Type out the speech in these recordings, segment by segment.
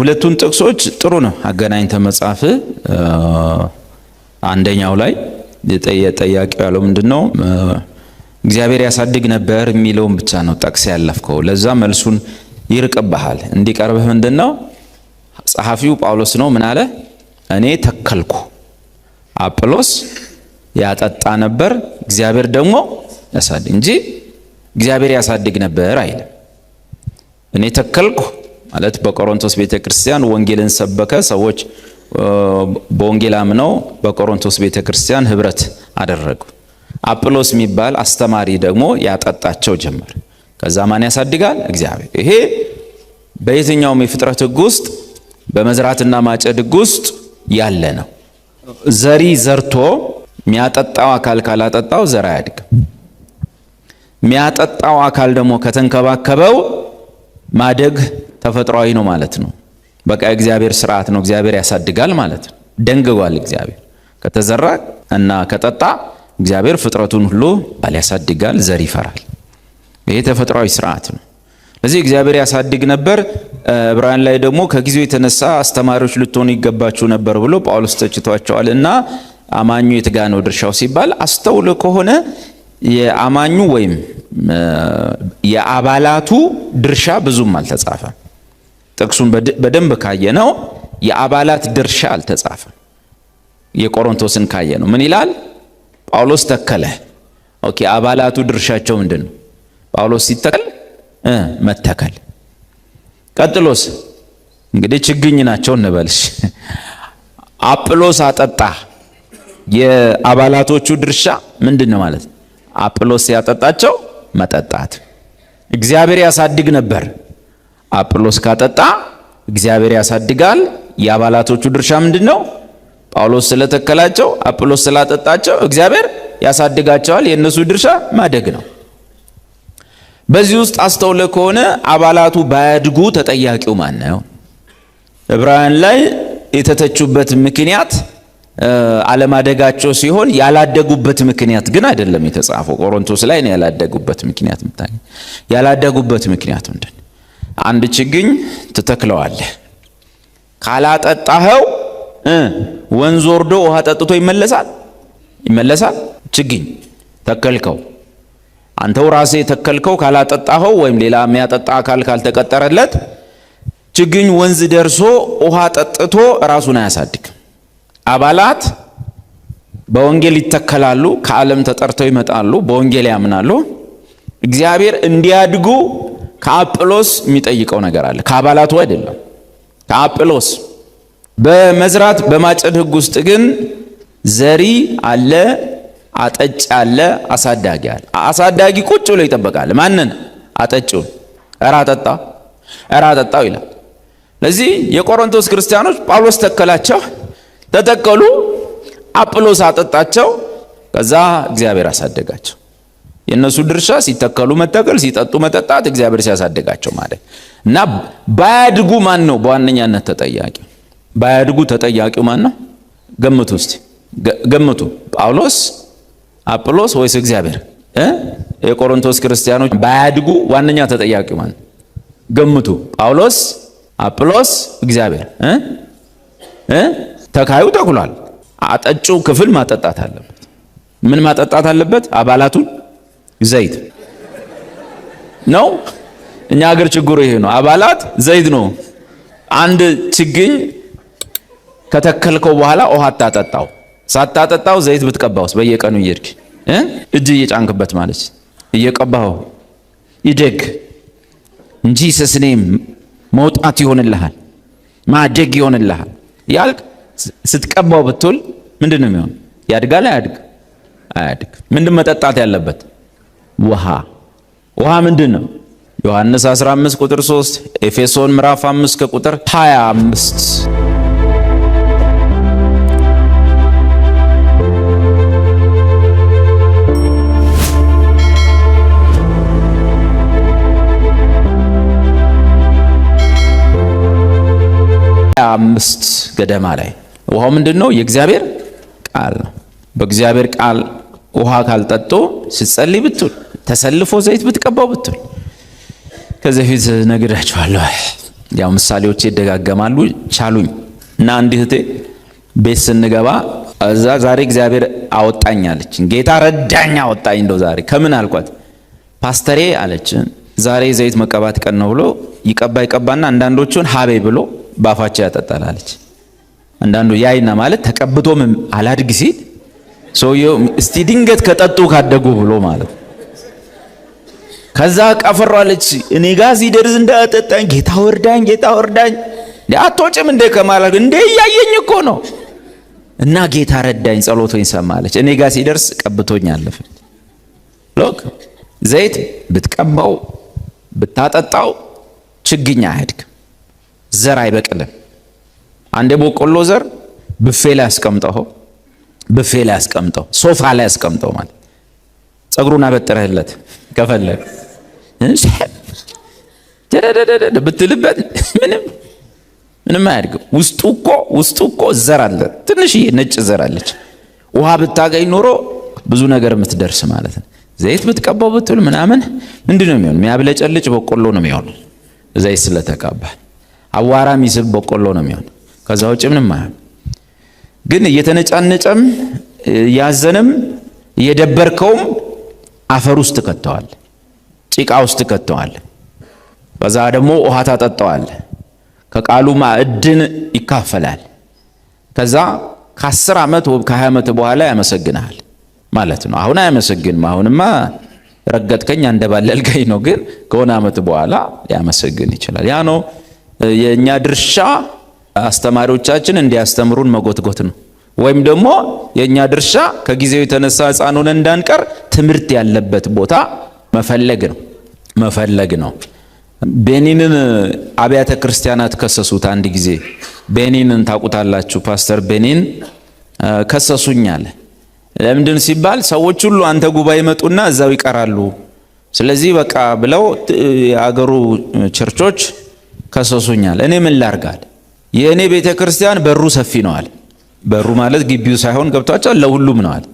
ሁለቱን ጥቅሶች ጥሩ ነው አገናኝተ መጻፍ አንደኛው ላይ ጠያቂው ያለው ምንድነው እግዚአብሔር ያሳድግ ነበር የሚለውን ብቻ ነው ጠቅስ ያለፍከው። ለዛ መልሱን ይርቅብሃል። እንዲቀርብህ ምንድን ነው ጸሐፊው ጳውሎስ ነው ምን አለ? እኔ ተከልኩ፣ አጵሎስ ያጠጣ ነበር፣ እግዚአብሔር ደግሞ ያሳድግ እንጂ እግዚአብሔር ያሳድግ ነበር አይልም። እኔ ተከልኩ ማለት በቆሮንቶስ ቤተክርስቲያን ወንጌልን ሰበከ። ሰዎች በወንጌል አምነው በቆሮንቶስ ቤተክርስቲያን ህብረት አደረጉ። አጵሎስ የሚባል አስተማሪ ደግሞ ያጠጣቸው ጀመር። ከዛ ማን ያሳድጋል? እግዚአብሔር። ይሄ በየትኛውም የፍጥረት ህግ ውስጥ በመዝራትና ማጨድ ህግ ውስጥ ያለ ነው። ዘሪ ዘርቶ የሚያጠጣው አካል ካላጠጣው ዘር አያድግም። የሚያጠጣው አካል ደግሞ ከተንከባከበው ማደግ ተፈጥሯዊ ነው ማለት ነው። በቃ እግዚአብሔር ስርዓት ነው። እግዚአብሔር ያሳድጋል ማለት ነው። ደንግጓል። እግዚአብሔር ከተዘራ እና ከጠጣ እግዚአብሔር ፍጥረቱን ሁሉ ባል ያሳድጋል፣ ዘር ይፈራል። ይሄ ተፈጥሯዊ ስርዓት ነው። ለዚህ እግዚአብሔር ያሳድግ ነበር። ዕብራውያን ላይ ደግሞ ከጊዜው የተነሳ አስተማሪዎች ልትሆኑ ይገባችሁ ነበር ብሎ ጳውሎስ ተችቷቸዋል እና አማኙ የትጋ ነው ድርሻው ሲባል አስተውሎ ከሆነ የአማኙ ወይም የአባላቱ ድርሻ ብዙም አልተጻፈም። ጥቅሱን በደንብ ካየ ነው የአባላት ድርሻ አልተጻፈም። የቆሮንቶስን ካየ ነው ምን ይላል? ጳውሎስ ተከለ። ኦኬ አባላቱ ድርሻቸው ምንድን ነው? ጳውሎስ ሲተከል መተከል። ቀጥሎስ እንግዲህ ችግኝ ናቸው እንበልሽ። አጵሎስ አጠጣ። የአባላቶቹ ድርሻ ምንድን ነው ማለት ነው? አጵሎስ ያጠጣቸው መጠጣት። እግዚአብሔር ያሳድግ ነበር። አጵሎስ ካጠጣ እግዚአብሔር ያሳድጋል። የአባላቶቹ ድርሻ ምንድን ነው? ጳውሎስ ስለተከላቸው፣ አጵሎስ ስላጠጣቸው እግዚአብሔር ያሳድጋቸዋል። የእነሱ ድርሻ ማደግ ነው። በዚህ ውስጥ አስተውለ ከሆነ አባላቱ ባያድጉ ተጠያቂው ማን ነው? ዕብራውያን ላይ የተተቹበት ምክንያት አለማደጋቸው ሲሆን ያላደጉበት ምክንያት ግን አይደለም የተጻፈው። ቆሮንቶስ ላይ ነው ያላደጉበት ምክንያት የምታገኝ። ያላደጉበት ምክንያት ምንድን አንድ ችግኝ ትተክለዋለህ። ካላጠጣኸው ወንዝ ወርዶ ውሃ ጠጥቶ ይመለሳል ይመለሳል። ችግኝ ተከልከው፣ አንተው ራሴ ተከልከው። ካላጠጣኸው ወይም ሌላ የሚያጠጣ አካል ካልተቀጠረለት ችግኝ ወንዝ ደርሶ ውሃ ጠጥቶ ራሱን አያሳድግም። አባላት በወንጌል ይተከላሉ፣ ከዓለም ተጠርተው ይመጣሉ፣ በወንጌል ያምናሉ። እግዚአብሔር እንዲያድጉ ከአጵሎስ የሚጠይቀው ነገር አለ። ከአባላቱ አይደለም፣ ከአጵሎስ በመዝራት በማጨድ ህግ ውስጥ ግን ዘሪ አለ፣ አጠጭ አለ፣ አሳዳጊ አለ። አሳዳጊ ቁጭ ብሎ ይጠበቃል። ማንን? አጠጭውን። እራ ጠጣ፣ እራ ጠጣው ይላል። ለዚህ የቆሮንቶስ ክርስቲያኖች ጳውሎስ ተከላቸው፣ ተተከሉ፣ አጵሎስ አጠጣቸው፣ ከዛ እግዚአብሔር አሳደጋቸው። የእነሱ ድርሻ ሲተከሉ መተከል፣ ሲጠጡ መጠጣት፣ እግዚአብሔር ሲያሳድጋቸው ማለት እና ባያድጉ ማን ነው በዋነኛነት ተጠያቂ? ባያድጉ ተጠያቂው ማን ነው? ገምቱ እስቲ ገምቱ። ጳውሎስ፣ አጵሎስ ወይስ እግዚአብሔር? የቆሮንቶስ ክርስቲያኖች ባያድጉ ዋነኛ ተጠያቂው ማን ነው? ገምቱ። ጳውሎስ፣ አጵሎስ፣ እግዚአብሔር። ተካዩ ተኩሏል። አጠጩ ክፍል ማጠጣት አለበት። ምን ማጠጣት አለበት? አባላቱን ዘይት ነው። እኛ ሀገር ችግሩ ይሄ ነው። አባላት ዘይት ነው። አንድ ችግኝ ከተከልከው በኋላ ውሃ አታጠጣው። ሳታጠጣው ዘይት ብትቀባውስ በየቀኑ እየድግ እጅ እየጫንክበት ማለት እየቀባው ይደግ እንጂ ሰስኔም መውጣት ይሆንልሃል፣ ማደግ ይሆንልሃል ያልቅ ስትቀባው ብትውል ምንድን ነው የሚሆን? ያድጋል? አያድግ? አያድግ። ምንድን መጠጣት ያለበት ውሃ ውሃ ምንድን ነው? ዮሐንስ 15 ቁጥር 3፣ ኤፌሶን ምዕራፍ 5 ከቁጥር 25። አምስት ገደማ ላይ ውሃው ምንድን ነው? የእግዚአብሔር ቃል ነው። በእግዚአብሔር ቃል ውሃ ካልጠጡ ሲጸልይ ብትል ተሰልፎ ዘይት ብትቀባው ብትል ከዚህ ፊት ነግራችኋለሁ። ያው ምሳሌዎች ይደጋገማሉ ቻሉኝ እና እንዲህ እህቴ ቤት ስንገባ እዛ ዛሬ እግዚአብሔር አወጣኝ አለች። ጌታ ረዳኝ አወጣኝ። እንደው ዛሬ ከምን አልኳት። ፓስተሬ አለች ዛሬ ዘይት መቀባት ቀን ነው ብሎ ይቀባ ይቀባና አንዳንዶቹን ሀቤ ብሎ ባፋቸው ያጠጣል አለች። አንዳንዱ ያይና ማለት ተቀብቶም አላድግ ሲል ሰውየው እስቲ ድንገት ከጠጡ ካደጉ ብሎ ማለት ከዛ ቀፈሯለች እኔ ጋር ሲደርስ እንዳጠጣኝ ጌታ ወርዳኝ፣ ጌታ ወርዳኝ አትወጭም እንደ ከማላ እንደ እያየኝ እኮ ነው። እና ጌታ ረዳኝ፣ ጸሎቶኝ ሰማለች። እኔ ጋር ሲደርስ ቀብቶኝ አለፈች። ሎክ ዘይት ብትቀባው ብታጠጣው ችግኝ አያድግም፣ ዘር አይበቅልም። አንድ የበቆሎ ዘር ብፌ ላይ አስቀምጠው ብፌ ላይ አስቀምጠው ሶፋ ላይ አስቀምጠው ማለት ጸጉሩን አበጥረህለት ከፈለግ ብትልበት ምንም ምንም አያድግም። ውስጡ እኮ ውስጡ እኮ ዘር አለ፣ ትንሽዬ ነጭ ዘር አለች። ውሃ ብታገኝ ኖሮ ብዙ ነገር የምትደርስ ማለት ነው። ዘይት ብትቀባው ብትል ምናምን ምንድን ነው የሚሆን? የሚያብለጨልጭ በቆሎ ነው የሚሆን። ዘይት ስለተቀባ አዋራ የሚስብ በቆሎ ነው የሚሆን። ከዛ ውጭ ምንም አይሆን። ግን እየተነጫነጨም እያዘንም እየደበርከውም አፈር ውስጥ ከተዋል። ጭቃ ውስጥ ከተዋል ከዛ ደግሞ ውሃ ታጠጠዋል ከቃሉ ማዕድን ይካፈላል። ከዛ ከአስር ዓመት ከ ከሀያ ዓመት በኋላ ያመሰግናል ማለት ነው። አሁን አያመሰግንም። አሁንማ ረገጥከኝ አንደባለልከኝ ነው። ግን ከሆነ ዓመት በኋላ ሊያመሰግን ይችላል። ያ ነው የእኛ ድርሻ። አስተማሪዎቻችን እንዲያስተምሩን መጎትጎት ነው። ወይም ደግሞ የእኛ ድርሻ ከጊዜው የተነሳ ሕፃን እንዳንቀር ትምህርት ያለበት ቦታ መፈለግ ነው መፈለግ ነው። ቤኒንን አብያተ ክርስቲያናት ከሰሱት። አንድ ጊዜ ቤኒንን ታውቁታላችሁ፣ ፓስተር ቤኒን ከሰሱኛል። ለምንድን ሲባል ሰዎች ሁሉ አንተ ጉባኤ ይመጡና እዛው ይቀራሉ። ስለዚህ በቃ ብለው የአገሩ ቸርቾች ከሰሱኛል። እኔ ምን ላርጋል? የእኔ ቤተ ክርስቲያን በሩ ሰፊ ነዋል። በሩ ማለት ግቢው ሳይሆን ገብቷቸዋል፣ ለሁሉም ነዋል።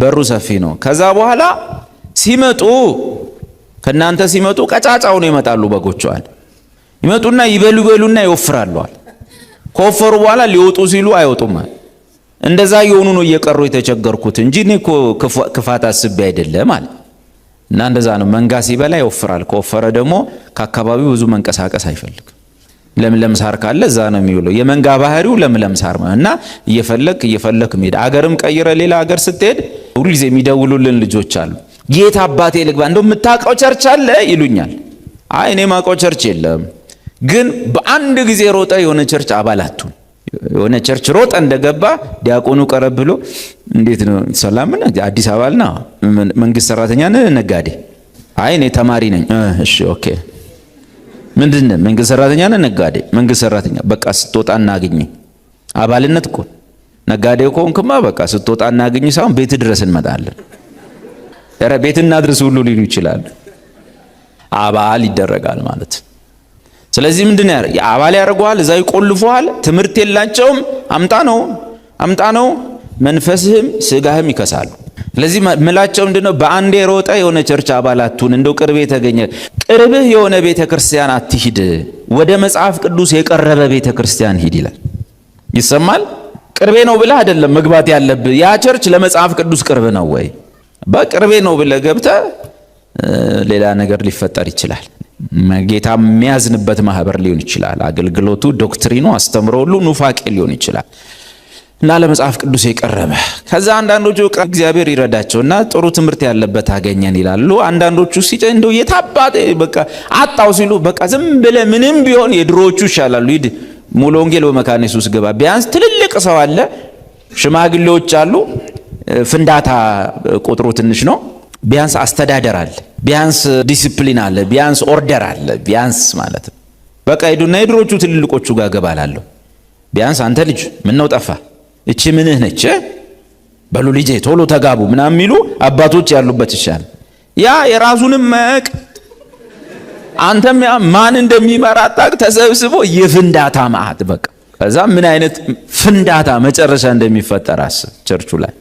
በሩ ሰፊ ነው። ከዛ በኋላ ሲመጡ ከእናንተ ሲመጡ ቀጫጫውን ይመጣሉ ይመጣሉ። አለ። ይመጡና ይበሉ ይበሉና አለ። ከወፈሩ በኋላ ሊወጡ ሲሉ አይወጡም። እንደዛ የሆኑ ነው እየቀሩ የተቸገርኩት እንጂ እኔ እኮ ክፋት አስቤ አይደለም አለ እና እንደዛ ነው። መንጋ ሲበላ ይወፍራል። ከወፈረ ደግሞ ከአካባቢው ብዙ መንቀሳቀስ አይፈልግም። ለምለም ሳር ካለ እዛ ነው የሚውለው። የመንጋ ባህሪው ለምለም ሳር ነው እና እየፈለክ እየፈለክ ሄድ አገርም ቀይረ ሌላ አገር ስትሄድ ሁልጊዜ የሚደውሉልን ልጆች አሉ ጌታ አባቴ ልግባ እንደው የምታውቀው ቸርች አለ ይሉኛል። አይ እኔ ማውቀው ቸርች የለም፣ ግን በአንድ ጊዜ ሮጠ የሆነ ቸርች አባላቱ የሆነ ቸርች ሮጠ እንደገባ ዲያቆኑ ቀረብ ብሎ እንዴት ነው ሰላም፣ አዲስ አበባልና መንግስት ሰራተኛ ነጋዴ? አይ እኔ ተማሪ ነኝ። እሺ ኦኬ፣ ምንድን መንግስት ሰራተኛ ነጋዴ? መንግስት ሰራተኛ። በቃ ስትወጣ እናገኝ። አባልነት እኮ ነጋዴ ከሆንክማ በቃ ስትወጣ እናገኝ ሳይሆን ቤት ድረስ እንመጣለን። ኧረ ቤት እናድርስ ሁሉ ሊሉ ይችላል። አባል ይደረጋል ማለት ስለዚህ ምንድን ነው አባል ያደርገዋል፣ እዛ ይቆልፈዋል። ትምህርት የላቸውም። አምጣ ነው አምጣ ነው። መንፈስህም ስጋህም ይከሳሉ። ስለዚህ ምላቸው ምንድነው ነው? በአንድ የሮጠ የሆነ ቸርች አባላቱን እንደው ቅርብ የተገኘ ቅርብህ የሆነ ቤተ ክርስቲያን አትሂድ፣ ወደ መጽሐፍ ቅዱስ የቀረበ ቤተ ክርስቲያን ሂድ ይላል። ይሰማል። ቅርቤ ነው ብለህ አይደለም መግባት ያለብህ። ያ ቸርች ለመጽሐፍ ቅዱስ ቅርብ ነው ወይ? በቅርቤ ነው ብለህ ገብተህ ሌላ ነገር ሊፈጠር ይችላል። ጌታ የሚያዝንበት ማህበር ሊሆን ይችላል። አገልግሎቱ፣ ዶክትሪኑ፣ አስተምሮ ሁሉ ኑፋቄ ሊሆን ይችላል እና ለመጽሐፍ ቅዱስ የቀረበ ከዛ አንዳንዶቹ እግዚአብሔር ይረዳቸው እና ጥሩ ትምህርት ያለበት አገኘን ይላሉ። አንዳንዶቹ ሲጨ እንደ የታባጠ በቃ አጣው ሲሉ በቃ ዝም ብለ ምንም ቢሆን የድሮዎቹ ይሻላሉ። ሂድ ሙሉ ወንጌል በመካነ ኢየሱስ ግባ። ቢያንስ ትልልቅ ሰው አለ፣ ሽማግሌዎች አሉ ፍንዳታ ቁጥሩ ትንሽ ነው። ቢያንስ አስተዳደር አለ፣ ቢያንስ ዲሲፕሊን አለ፣ ቢያንስ ኦርደር አለ። ቢያንስ ማለት ነው በቃ ሂዱና የድሮቹ ትልልቆቹ ጋር ገባላለሁ። ቢያንስ አንተ ልጅ ምነው ጠፋ እቺ ምንህ ነች በሉ ልጄ ቶሎ ተጋቡ ምናምን የሚሉ አባቶች ያሉበት ይሻል። ያ የራሱንም መቅ አንተም ያ ማን እንደሚመራ አጣቅ ተሰብስቦ የፍንዳታ መዓት በቃ ከዛ ምን አይነት ፍንዳታ መጨረሻ እንደሚፈጠር አስብ ቸርቹ ላይ